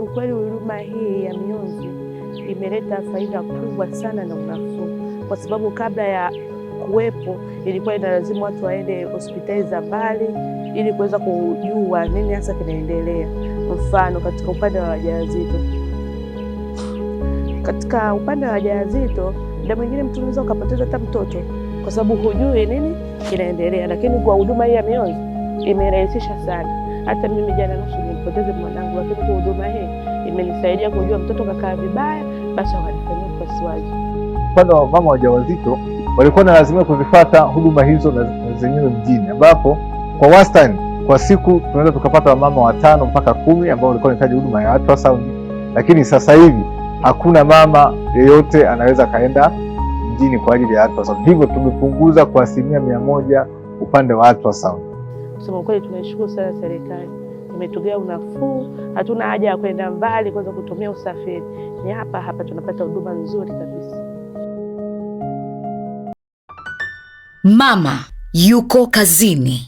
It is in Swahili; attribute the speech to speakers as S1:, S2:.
S1: Kiukweli huduma hii ya mionzi imeleta faida kubwa sana na unafuu, kwa sababu kabla ya kuwepo ilikuwa inalazimu watu waende hospitali za mbali ili kuweza kujua nini hasa kinaendelea. Mfano katika upande wa wajawazito, katika upande wa wajawazito, muda mwingine mtu unaweza ukapoteza hata mtoto kwa sababu hujui nini kinaendelea, lakini kwa huduma hii ya mionzi imerahisisha sana. Hata mimi jana nusu nimpoteze mwanangu, lakini kwa huduma hii imenisaidia kujua mtoto kakaa vibaya, basi wakanifanyia upasuaji.
S2: Upande wa mama wajawazito walikuwa na lazima kuzifata huduma hizo na zenyewe mjini, ambapo kwa wastani kwa siku tunaweza tukapata wamama watano mpaka kumi ambao walikuwa wanahitaji huduma ya ultrasound, lakini sasa hivi hakuna mama yeyote anaweza akaenda mjini kwa ajili ya ultrasound. Hivyo tumepunguza kwa asilimia mia moja upande wa ultrasound.
S1: Kusema kweli, tunaishukuru sana serikali umetugea unafuu, hatuna haja ya kwenda mbali kuweza kutumia usafiri, ni hapa hapa tunapata huduma nzuri kabisa. Mama yuko kazini.